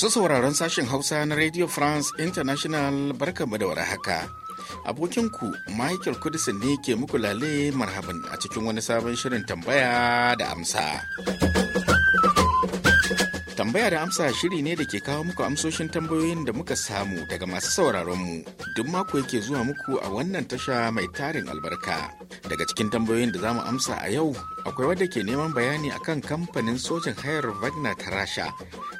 Masu sauraron sashen Hausa na Radio France International barkanmu da warhaka. Abokinku Michael Kudisin ne ke muku lale marhaban a cikin wani sabon shirin tambaya da amsa. Tambaya da amsa shiri ne da ke kawo muku amsoshin tambayoyin da muka samu daga masu sauraronmu duk mako yake zuwa muku a wannan tasha mai tarin albarka. Daga cikin tambayoyin da za mu amsa a yau akwai wadda ke neman bayani akan kamfanin sojin hayar Wagner ta Rasha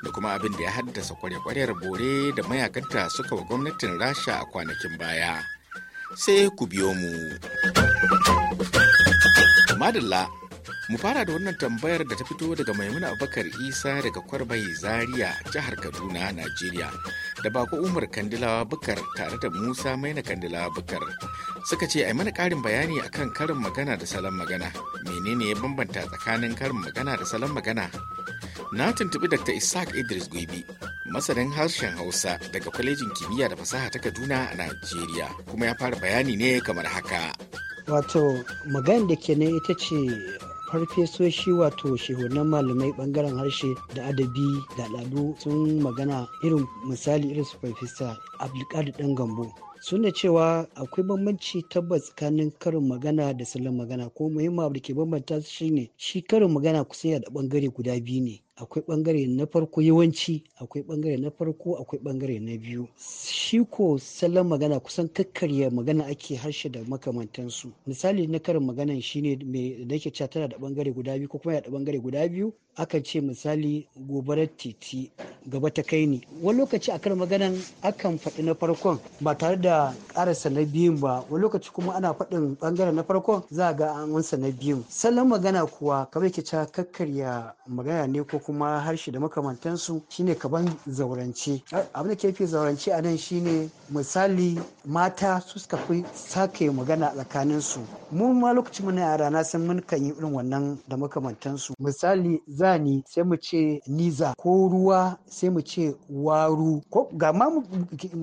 da kuma abin da ya haddasa kware bore da mayakanta suka wa gwamnatin Rasha a kwanakin baya. Sai ku biyo mu. Madalla mu fara da wannan tambayar da ta fito daga maimuna abubakar isa daga kwarbai zaria jihar kaduna najeriya da bako umar kandilawa bukar tare da musa maina kandilawa bukar suka ce ai mana karin bayani akan karin magana da salon magana menene ya bambanta tsakanin karin magana da salon magana na tuntubi dr isaac idris gwibi masanin harshen hausa daga kwalejin kimiyya da fasaha ta kaduna a najeriya kuma ya fara bayani ne kamar haka wato magana da ke ne ita ce farfesoshi wato shehunan malamai bangaren harshe da adabi da al'adu sun magana irin misali irin su farfesa abdulkadir dan gambo suna cewa akwai bambanci tabbas tsakanin karin magana da salon magana ko muhimmin abu da ke bambanta su shine shi karin magana kusa da bangare guda biyu ne akwai bangare na farko yawanci akwai bangare na farko akwai bangare na biyu shi ko salon magana kusan kakkarya magana ake harshe da makamantansu misali na karin magana shine mai da tana da bangare guda biyu ko kuma yana da bangare guda biyu akan ce misali gobarar titi gaba ta kai ne wani lokaci a akan maganan akan faɗi na farkon ba tare da ƙarasa na biyun ba wani lokaci kuma ana faɗin bangaren na farkon za a ga an wansa na biyun salon magana kuwa kamar yake cewa kakkarya magana ne ko kuma harshe da makamantansu shine kaban zaurance abin da ke fi zaurance a nan shine misali mata su suka fi sake magana tsakanin su mu ma lokacin muna yara na san mun kan yi irin wannan da makamantansu misali zani sai mu ce niza ko ruwa sai mu ce waru ko ga ma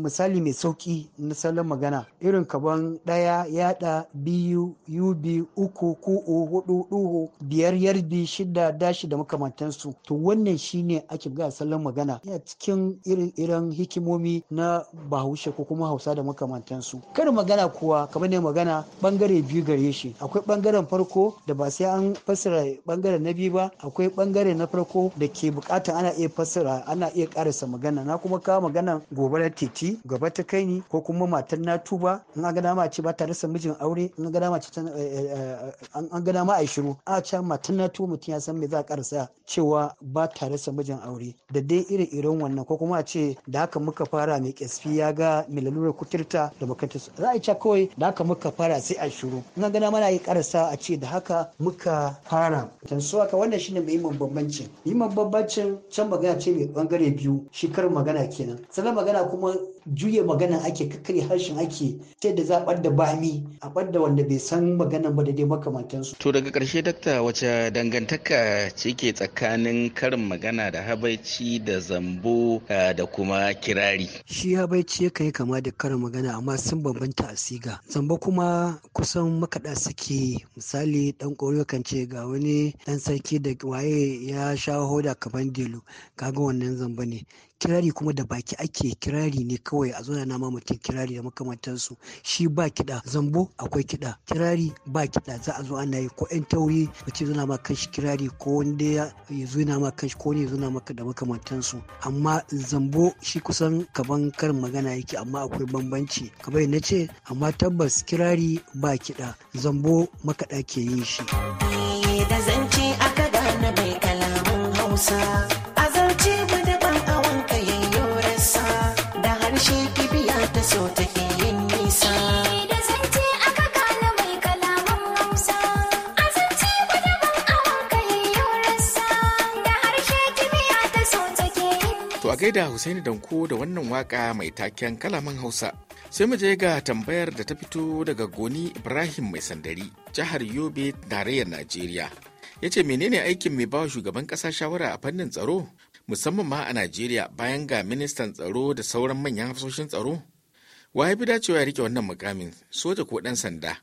misali mai sauki na salon magana irin kaban ɗaya yada biyu yubi uku ku'u hudu duhu biyar yardi, shida dashi da makamantansu to wannan shine ake ga salon magana a cikin irin irin hikimomi na bahaushe ko kuma hausa da makamantansu karin magana kuwa kamar ne magana bangare biyu gare shi akwai bangaren farko da ba sai an fassara bangaren na biyu ba akwai bangare na farko da ke bukata ana iya fassara ana iya karasa magana na kuma kawo magana gobe na titi gaba ta kai ni ko kuma matar na tuba in an ga dama ce ba ta rasa mijin aure in an ga dama ce eh, eh, eh, an ma a shiru a can matar na tuba mutum ya san me za a karasa cewa ba ta rasa mijin aure da dai irin irin wannan ko kuma a ce da haka muka fara mai kyasfi ya ga mai lalurar kuturta da bakanta su za a ce kawai da haka muka fara sai a shiru ina gana mana yi karasa a ce da haka muka fara su haka wannan shine muhimmin bambancin muhimmin bambancin can magana ce mai bangare biyu shi karin magana kenan sannan magana kuma juya magana ake kakkare harshen ake ce da zaɓar da bami a ɓadda wanda bai san magana ba da dai makamantansu. To daga karshe dakta wace dangantaka ce ke tsakanin karin magana da habaici da zambo eh, da kuma kirari. Shi habaici ya yi kama da karin magana amma sun bambanta a siga. Zambo kuma kusan makaɗa suke misali ɗan ƙoro kan ce ga wani ɗan sarki da waye ya sha hoda kaban delu kaga wannan zamba ne Kirari kuma da baki ake kirari ne kawai a zauna nama mutum kirari da makamantansu shi ba kiɗa zambo akwai kiɗa kirari ba kiɗa za a zo ana yi ko 'yan tauri mutum zuna ma kanshi kirari ko wanda ya zuna ma kanshi ko ne zuna maka da makamantansu amma zambo shi kusan kaban karin magana yake amma akwai bambanci kamar na ce amma tabbas kirari ba kiɗa zambo makaɗa ke yin shi. Eh, da da Hussaini Danko da wannan waka mai taken kalaman Hausa. Sai mu je ga tambayar da ta fito daga Goni Ibrahim Mai Sandari, jihar Yobe, tarayyar Najeriya. Ya ce menene aikin mai bawa shugaban ƙasa shawara a fannin tsaro? Musamman ma a Najeriya bayan ga ministan tsaro da sauran manyan hafsoshin tsaro? Waye bi dacewa ya rike wannan mukamin soja ko ɗan sanda?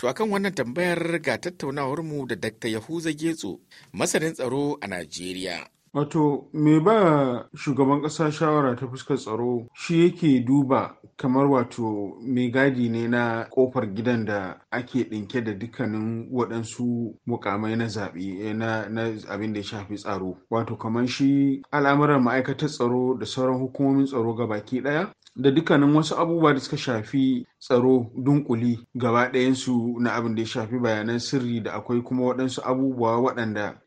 To akan wannan tambayar ga tattaunawar mu da Dr. Yahuza Getso, masanin tsaro a Najeriya. Wato, me ba shugaban ƙasa shawara ta fuskar tsaro shi yake duba kamar wato mai gadi ne na kofar gidan da ake ɗinke da dukkanin waɗansu mukamai na zaɓe eh, na, abin da ya shafi tsaro. Wato, kamar shi al'amuran ma'aikatar tsaro da sauran hukumomin tsaro ga baki ɗaya da dukkanin wasu abubuwa da suka shafi tsaro dunkuli gaba ɗayansu na abin da ya shafi bayanan sirri da akwai kuma waɗansu abubuwa waɗanda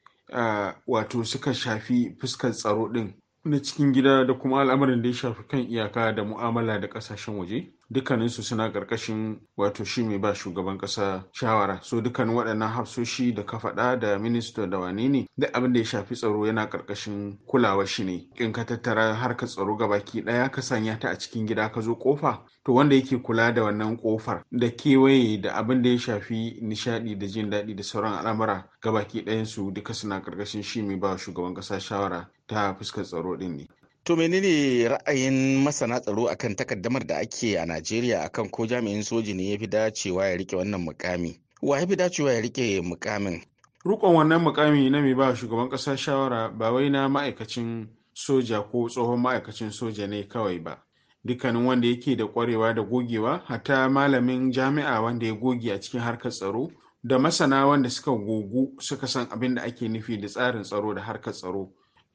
wato suka shafi fuskar tsaro ɗin na cikin gida da kuma al'amarin da ya shafi kan iyaka da mu'amala da ƙasashen waje dukkaninsu suna ƙarƙashin wato shi mai ba shugaban ƙasa shawara so dukkanin waɗannan hafsoshi da ka faɗa da minista da wane ne duk abin da ya shafi tsaro yana ƙarƙashin kulawa shi ne in ka tattara harkar tsaro gabaki ɗaya ka sanya ta a cikin gida ka zo ƙofa to wanda yake kula da wannan kofar da kewaye da abin da ya shafi nishaɗi da jin daɗi da sauran al'amura gabaki ɗayansu duka suna ƙarƙashin shi mai ba shugaban ƙasa shawara ta fuskar tsaro ɗin ne To menene ra'ayin masana tsaro akan takaddamar da ake a Najeriya akan ko jami'in soji ne ya fi dacewa ya rike wannan mukami? Wa ya fi dacewa ya rike mukamin? Rukon wannan mukami na mai ba shugaban ƙasa shawara ba wai na ma'aikacin soja ko tsohon ma'aikacin soja ne kawai ba. Dukkanin wanda yake da kwarewa da gogewa, hata malamin jami'a wanda ya goge a cikin harkar tsaro, da masana wanda suka gogu suka san abin da ake nufi da tsarin tsaro da harkar tsaro,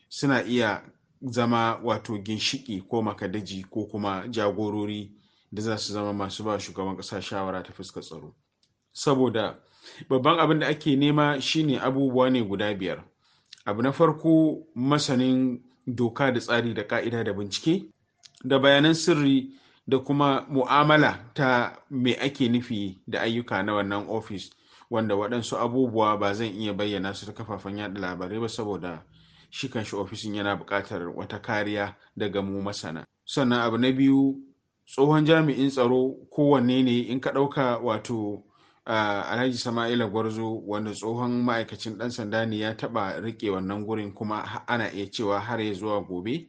suna iya zama wato ginshiki ko makadaji ko kuma jagorori da za su zama masu ba shugaban ƙasa shawara ta fuska tsaro saboda babban abin da ake nema shine abubuwa ne guda biyar abu na farko masanin doka da tsari da ka'ida da bincike da bayanan sirri da kuma mu'amala ta mai ake nufi da ayyuka na wannan ofis wanda waɗansu abubuwa ba zan iya bayyana su ta kafafen yaɗa labarai ba saboda shi kanshi ofishin yana buƙatar wata kariya daga mu masana sannan abu na biyu tsohon jami'in tsaro kowanne ne in ka ɗauka wato alhaji sama'ila gwarzo wanda tsohon ma'aikacin ɗan sanda ne ya taɓa riƙe wannan gurin kuma ana iya cewa har ya zuwa gobe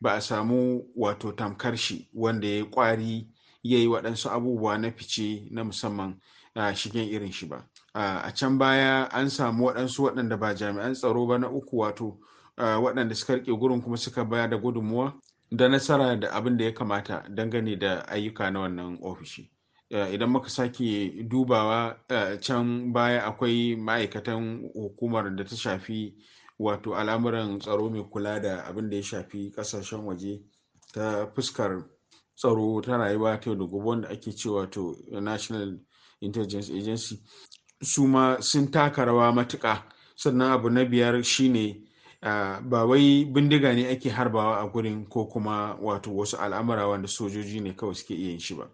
ba a samu wato tamkar shi wanda ya ƙwari ya yi waɗansu abubuwa na fice na musamman shigen irin shi ba a can baya an samu waɗansu waɗanda ba jami'an tsaro ba na uku wato waɗanda suka rike gurin kuma suka bayar da gudunmuwa da nasara da abin da ya kamata dangane da ayyuka na wannan ofishi idan muka sake dubawa can baya akwai ma'aikatan hukumar da ta shafi wato al'amuran tsaro mai kula da abin da ya shafi kasashen waje ta fuskar tsaro ta rayuwa ta yau da gobe wanda ake ce wato national intelligence agency su ma sun taka rawa matuka, sannan abu na biyar shine ba wai bindiga ne ake harbawa a gurin ko kuma wato wasu al'amura wanda sojoji ne kawai suke iya yin shi ba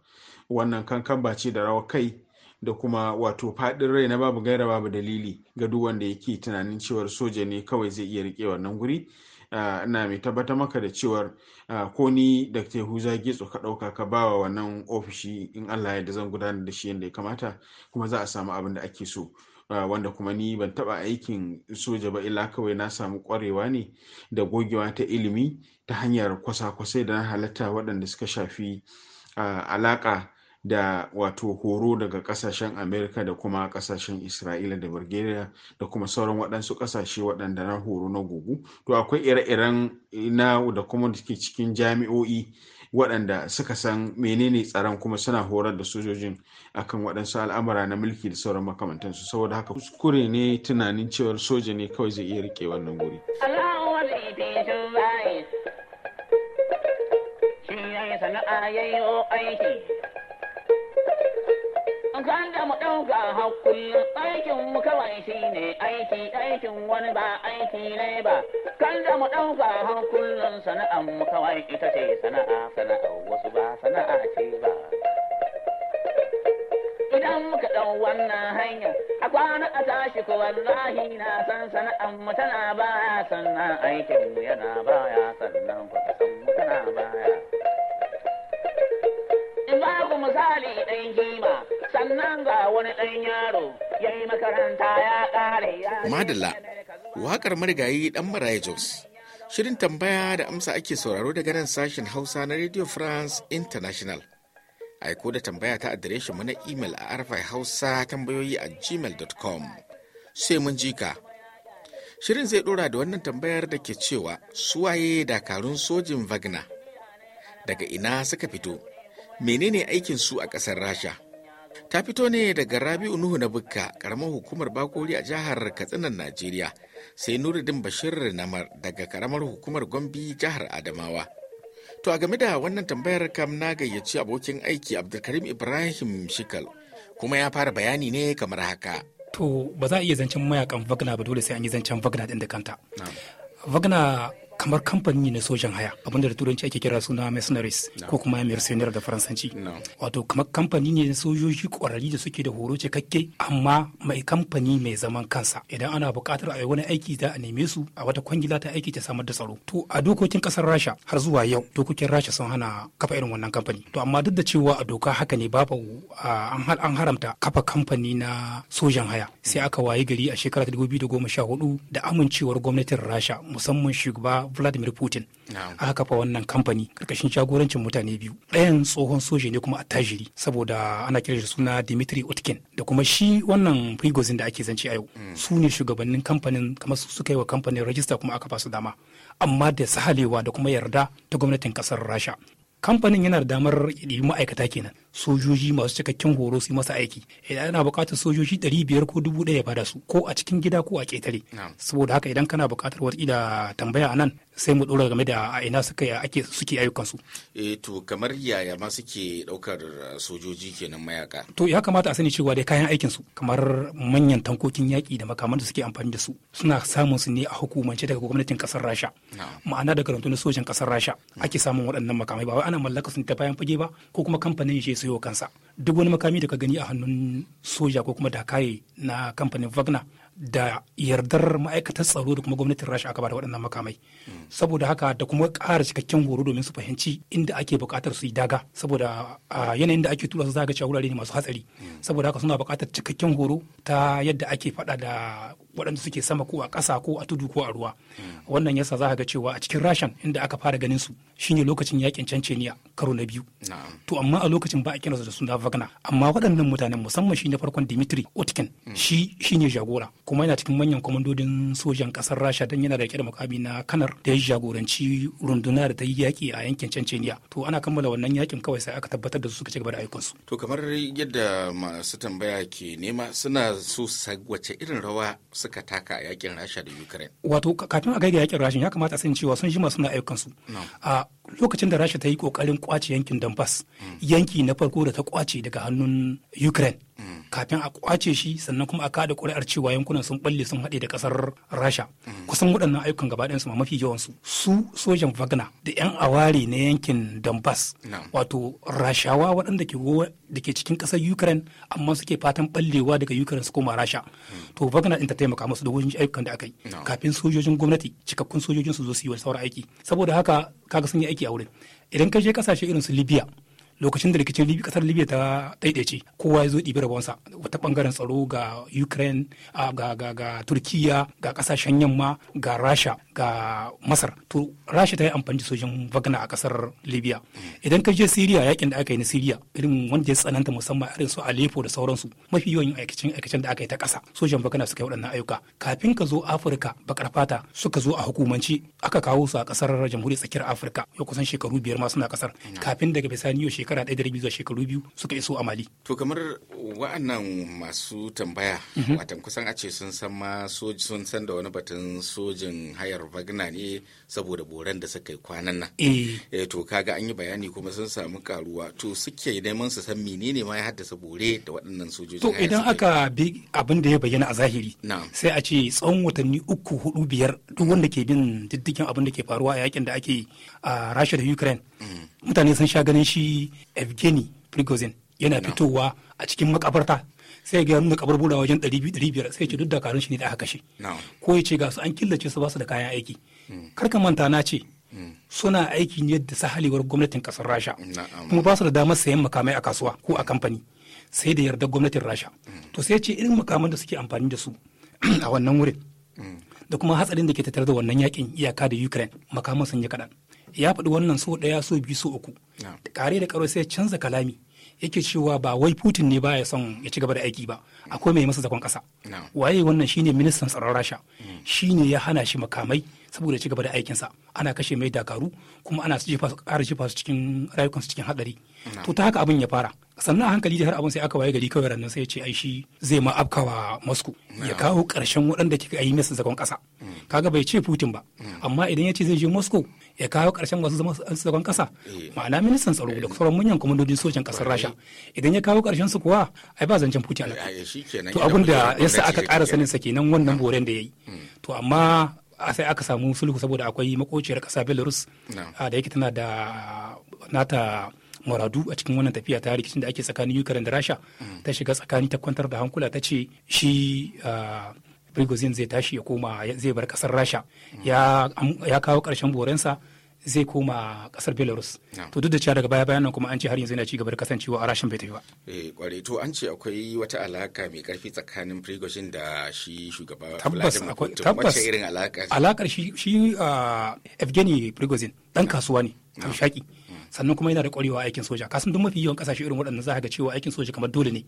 wannan kankan ba ce da rawa kai da kuma wato faɗin rai na babu gaira babu dalili ga duk wanda yake tunanin cewar soja ne kawai zai iya rike wannan guri na mai tabbata maka da cewar ko ni da tehuza getso ka ɗauka ka bawa wannan ofishi in allah ya da zan gudanar da shi yadda ya kamata kuma za a samu abin da ake so wanda kuma ni ban taɓa aikin soja ba illa kawai na samu ƙwarewa ne da gogewa ta ilimi ta hanyar kwasa-kwasai da na halatta waɗanda suka shafi alaƙa da wato horo daga ƙasashen amerika da kuma ƙasashen isra'ila da bulgaria da kuma sauran waɗansu ƙasashe waɗanda na horo na gugu to akwai ire-iren eh, na da kuma da suke cikin jami'o'i waɗanda suka san menene tsaron kuma suna horar da sojojin akan waɗansu al'amura na mulki da sauran makamantansu saboda haka kuskure ne tunanin cewar soja ne kawai zai iya rike wannan guri. sana'a ya yi aiki. Kan da mu ɗauka hakkun aikin mu kawai shi ne aiki aikin wani ba aiki ne ba. kanda mu ɗauka har kullum sana'an mu kawai ita ce sana'a sana'a wasu ba sana'a ce ba. Idan muka ɗau wannan hanya a kwana a tashi ko wallahi na san sana'an mu tana baya sannan aikin mu yana baya sannan ku san mu tana baya. In ba ku misali ɗan kima sannan ga wani ɗan yaro yayi makaranta ya ƙare ya. Madalla waƙar marigayi ɗan Maraya Jos. Shirin tambaya da amsa ake sauraro daga nan sashen Hausa na Radio France International. Aiko da tambaya ta adireshin mu na imel a arfai hausa tambayoyi a gmail.com. Sai mun ka. Shirin zai ɗora da wannan tambayar da ke cewa suwaye dakarun sojin Wagner. Daga ina suka fito? Menene aikin su a ƙasar Rasha? ta fito ne daga rabi'u nuhu na bukka karamar hukumar bakori a jihar katsinan najeriya sai nuruddin bashir namar daga karamar hukumar gombe jihar adamawa to a game da wannan tambayar kam na gayyaci abokin aiki abdulkarim ibrahim shikal kuma ya fara bayani ne kamar haka to ba za a iya zancen mayakan wagner ba dole sai an yi zancen wagner din da kanta wagner kamar kamfani na sojan haya abinda da turanci ake kira suna mercenaries ko kuma mercenaries da faransanci wato kamar kamfani ne na sojoji kwararri da suke da horo cikakke amma mai kamfani mai zaman kansa idan ana buƙatar a yi wani aiki za a neme su a wata kwangila ta aiki ta samar da tsaro to a dokokin kasar rasha har zuwa yau dokokin rasha sun hana kafa irin wannan kamfani to amma duk da cewa a doka haka ne babu an haramta kafa kamfani na sojan haya sai aka waye gari a shekara ta 2014 da amincewar gwamnatin rasha musamman shugaba vladimir putin aka kafa wannan kamfani karkashin jagorancin mutane biyu ɗayan tsohon soja ne kuma attajiri saboda ana kiran suna dimitri utkin da kuma shi wannan Prigozhin da ake zance a yau mm. su ne shugabannin kamfanin kamar su suka yi wa kamfanin rajista kuma aka ba su dama amma da sahalewa da kuma yarda ta gwamnatin kasar rasha kamfanin yana da damar ɗibi ma'aikata kenan sojoji masu cikakken horo su yi masa aiki idan eh, ana buƙatar sojoji ɗari biyar ko dubu ɗaya ba da su ko a cikin gida ko a ƙetare saboda haka idan kana buƙatar wata tambaya a nan sai mu ɗora game da a ina suka ake suke ayyukansu. e to kamar yaya ma suke ɗaukar uh, sojoji kenan mayaka. to ya kamata a sani cewa dai kayan aikin su kamar manyan tankokin yaƙi da makaman da suke amfani da su suna samun su ne a hukumance daga gwamnatin ƙasar rasha ma'ana daga rantunan sojan ƙasar rasha ake samun waɗannan makamai ba wai ana mallaka sun ta bayan fage ba ko kuma kamfanin shi sayo kansa duk wani makami da ka gani a hannun soja ko kuma da kaye na kamfanin wagner da yardar ma'aikatar tsaro da kuma gwamnatin rasha aka bada waɗannan makamai saboda haka da kuma ƙara cikakken horo domin su fahimci inda ake buƙatar su yi daga saboda a yanayin da ake tura su zaga cewa wurare ne masu hatsari saboda haka suna buƙatar cikakken horo ta yadda ake faɗa da waɗanda suke sama ko a ƙasa ko a tudu ko a ruwa wannan yasa za ga cewa a cikin rashan inda aka fara ganin su shine lokacin yakin canceniya karo na biyu to amma a lokacin ba a kiransu da suna vagna amma waɗannan mutanen musamman shi na farkon dimitri otkin hmm. shi shine jagora kuma yana cikin manyan kwamandodin sojan ƙasar rasha don yana da da mukami na kanar da ya jagoranci runduna da ta yi yaƙi a yankin canceniya to ana kammala wannan yakin kawai sai aka tabbatar da su suka ci gaba da ayyukansu to kamar yadda masu tambaya ke nema suna so wace irin rawa suka taka a yakin rasha da ukraine wato kafin a kai ga yakin rasha ya kamata a san cewa sun jima suna ayyukansu lokacin da rasha ta yi kokarin kwace yankin donbass yanki na farko da ta kwace daga hannun ukraine kafin a kwace shi sannan kuma a kada kuri'ar cewa yankunan sun balle sun haɗe da ƙasar rasha kusan waɗannan ayyukan gaba su ma mafi yawansu su sojan wagner da 'yan aware na yankin donbass wato rashawa waɗanda da ke cikin ƙasar ukraine amma suke fatan ballewa daga ukraine su koma rasha to wagner ɗin ta taimaka musu da wajen ayyukan da aka yi kafin sojojin gwamnati cikakkun sojojin su zo su yi wani sauran aiki saboda haka kaga sun yi aiki a wurin idan ka je kasashe irin su libya lokacin da rikicin kasar libya ta daidaice kowa ya zo ɗibi rabonsa wata bangaren tsaro ga ukraine ga ga ga turkiya ga kasashen yamma ga rasha ga masar to rasha ta yi amfani da sojin vagna a kasar libya idan ka je syria yakin da aka yi na syria irin wanda ya tsananta musamman irin su alepo da sauransu mafi yawan aikacin aikacin da aka yi ta kasa sojan vagna suka yi waɗannan ayyuka kafin ka zo afirka bakar fata suka zo a hukumance aka kawo su a kasar jamhuriyar tsakiyar afirka ya kusan shekaru biyar ma suna kasar kafin daga bisani yau shekara ɗaya da rabi zuwa shekaru biyu suka iso a mali to kamar wa'annan masu tambaya mhm. watan kusan a ce sun san ma sun san da wani batun sojin hayar vagna ne saboda boran da suka yi kwanan nan eh. eh to kaga an yi bayani kuma sun samu karuwa to suke neman su san menene ma ya haddasa bore da waɗannan sojoji to idan aka bi abin da ya bayyana a zahiri sai a ce tsawon watanni uku hudu biyar duk wanda ke bin diddigin abin da ke faruwa a yakin da ake a Rasha da Ukraine mutane sun sha ganin shi evgeny prigozhin yana fitowa a cikin makabarta sai ga nuna kabar buɗa wajen 200-500 sai ce duk dakarun shi ne da aka kashe ko ya ce ga su an killace su ba su da kayan aiki hmm. karka manta na ce hmm. suna aiki ne da sahalewar gwamnatin kasar rasha kuma ba su da damar sayan makamai a kasuwa ko a kamfani sai da yardar gwamnatin rasha hmm. to sai ce irin makaman da suke amfani da su a wannan wurin da kuma hatsarin da ke tattare da wannan yakin iyaka da ukraine makaman sun yi kaɗan ya faɗi wannan so ɗaya so biyu so uku kare da ƙaro sai canza kalami yake cewa ba wai putin ne ba ya son ya ci gaba da aiki ba akwai mai masa zakon ƙasa waye wannan shine ministan tsaron rasha mm. shine ya hana shi makamai saboda ci gaba da aikinsa ana kashe mai dakaru kuma ana jefa ƙara jefa su cikin rayukansu cikin hadari to ta haka abin ya fara sannan a hankali da har abin sai aka waye gari kawai rannan sai ya ce ai shi zai ma afkawa Moscow ya kawo ƙarshen waɗanda kika yi masa zagon ƙasa mm. kaga bai ce Putin ba mm. amma idan ya ce zai je Moscow ya kawo ƙarshen wasu zama zagon ƙasa eh. ma'ana ministan tsaro da eh. sauran manyan kwamandojin sojan ƙasar Rasha idan ya kawo ƙarshen su kuwa ai ba zancen Putin to abin da yasa aka ƙara sanin sa kenan wannan boren da ya yi mm. to amma sai aka samu sulhu saboda akwai makociyar ƙasa belarus da yake tana da nata maradu a cikin wannan tafiya ta rikicin da ake tsakanin ukraine da rasha mm. ta shiga tsakani ta kwantar da hankula ta ce shi prigozhin zai tashi ya koma zai bar kasar rasha mm. ya kawo ƙarshen borensa zai koma kasar belarus to duk da cewa daga baya bayan nan kuma an ce har yanzu yana ci gaba da kasancewa a rashin bai tafi ba eh kware to an ce akwai wata alaka mai karfi tsakanin prigozhin da shi shugaba tabbas akwai tabbas alakar shi shi ah, evgeny prigozhin dan kasuwa ne shaki sannan kuma yana da kwarewa aikin soja kasan duk mafi yawan kasashe irin waɗannan za ka ga cewa aikin soja kamar dole ne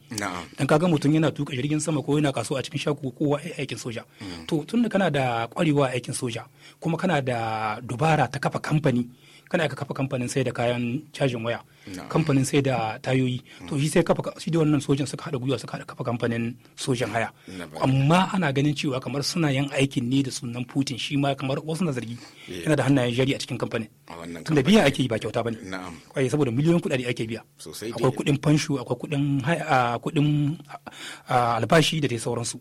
dan kaga mutum yana tuka jirgin sama ko yana kasuwa a cikin shaku ko aikin soja mm. to tun da kana da kwarewa aikin soja kuma kana da dubara ta kafa kamfani kana ka kafa kamfanin sai da kayan cajin waya kamfanin sai da tayoyi to shi sai kafa shi da wannan sojan suka haɗa gwiwa suka haɗa kafa kamfanin sojan haya amma ana ganin cewa kamar suna yin aikin ne da sunan putin shi ma kamar wasu na zargi yana da hannayen jari a cikin kamfanin tunda biya ake yi ba kyauta bane kwaye saboda miliyoyin kuɗaɗe ake biya akwai kuɗin fanshu akwai kuɗin kuɗin albashi da dai sauransu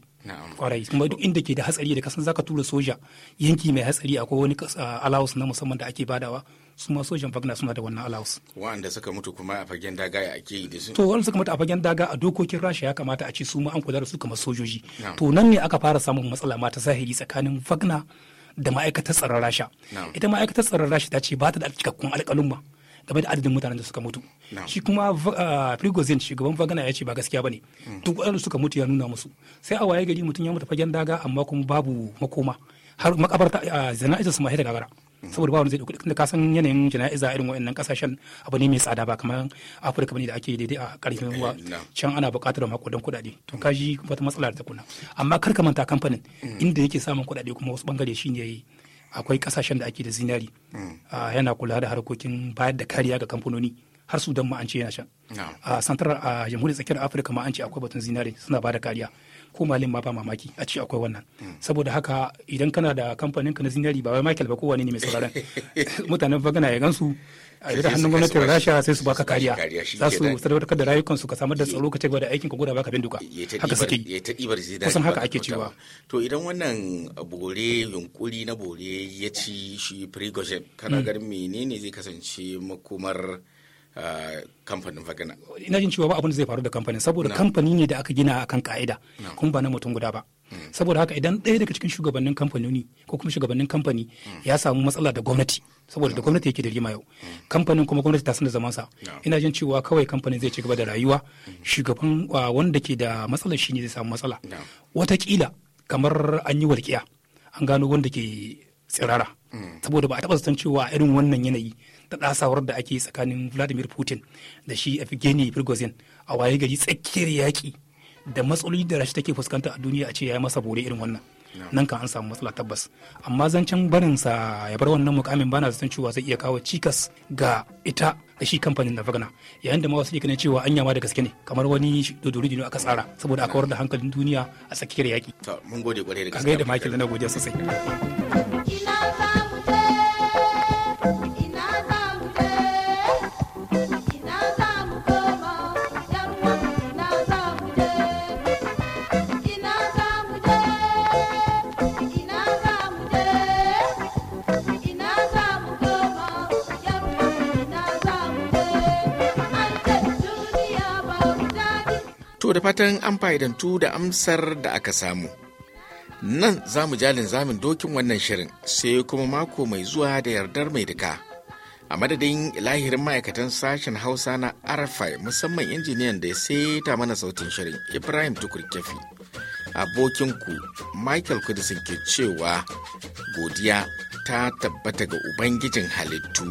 kwarai kuma duk inda ke da hatsari da kasan zaka tura soja yanki mai hatsari akwai wani alawus na musamman da ake badawa su ma sojan fagna suna da wannan alawus wa'anda suka suka mutu kuma a fagen daga ya ake yi da su to wanda suka mutu a fagen daga a dokokin rasha ya kamata a ce su ma an kula da su kamar sojoji to nan ne aka fara samun matsala mata ta zahiri tsakanin fagna da ma'aikatar tsaron rasha ita ma'aikatar tsaron rasha ta ce ba ta da cikakkun alƙalumma game da adadin mutanen da suka mutu shi kuma ah, prigozin shugaban vagana ya ce ba gaskiya ba ne mm. duk waɗanda suka mutu ya nuna musu sai a waye gari mutum ya mutu fagen daga amma kuma babu makoma har makabarta ah, ita su ma ita gagara saboda ba wani zai dauki tunda ka san yanayin jana'iza irin wa'annan kasashen abu ne mai tsada ba kamar Afirka bane da ake daidai a karshen ruwa eh, can ana buƙatar makudan kuɗaɗe to mm. ka ji wata matsala da ta kuna amma kar ka manta kamfanin mm. inda yake samun kuɗaɗe kuma wasu bangare shine yayi akwai kasashen da ake da zinari mm. ah, yana kula da harkokin bayar da kariya ga kamfanoni har sudan ma an ce yana shan a ah, santar a ah, jamhuriyar tsakiyar afirka ma an ce akwai batun zinari suna ba kariya ko malin ma ba mamaki a ce akwai wannan saboda haka idan kana da kamfanin ka na zinari ba wai Michael ba kowane ne mai sauraron mutanen bagana ya gansu a da hannun da Rasha sai su baka kariya za su sadaukar da rayukansu su ka samar da tsaro ka ci da aikin ka guda baka duka haka suke kusan haka ake cewa to idan wannan bore yunkuri na bore ya ci shi Prigozhin kana mm. ganin menene zai kasance makomar kamfanin Vagana. Ina jin cewa ba abin da zai faru da kamfanin saboda kamfani ne da aka gina kan ka'ida kuma ba na mutum guda ba. Hmm. Saboda haka idan ɗaya daga cikin shugabannin kamfanoni ko kuma shugabannin kamfani hmm. ya samu matsala da gwamnati saboda da gwamnati yake da rima yau hmm. kamfanin kuma gwamnati ta san da zamansa ina jin cewa kawai kamfanin zai cigaba da rayuwa shugaban wanda ke da matsala shi ne zai samu matsala watakila kamar an yi walƙiya an gano wanda ke tsirara saboda ba a taɓa zaton cewa irin wannan yanayi ta dasawar da ake tsakanin vladimir putin da shi evgeny prigozhin a waye gari tsakiyar yaƙi da matsaloli da rashi take fuskanta a duniya a ce ya masa bore irin wannan nan kan an samu matsala tabbas amma zancen barin sa ya bar wannan mukamin bana zaton cewa zai iya kawo cikas ga ita da shi kamfanin na Wagner yayin da ma wasu ne cewa an yama da gaske ne kamar wani dodori ne aka tsara saboda aka da hankalin duniya a tsakiyar yaki mun gode gwarai da gaske da makil na godiya sosai To da fatan an fa'idantu da amsar da aka samu. Nan za mu jalin zamin dokin wannan shirin sai kuma mako mai zuwa da yardar mai duka. A madadin lahirin ma'aikatan sashen Hausa na Arafai musamman injiniyan da ya saita mana sautin shirin Ibrahim Tukurkefi. Abokinku Michael Kudisin ke cewa godiya ta tabbata ga Ubangijin halittu.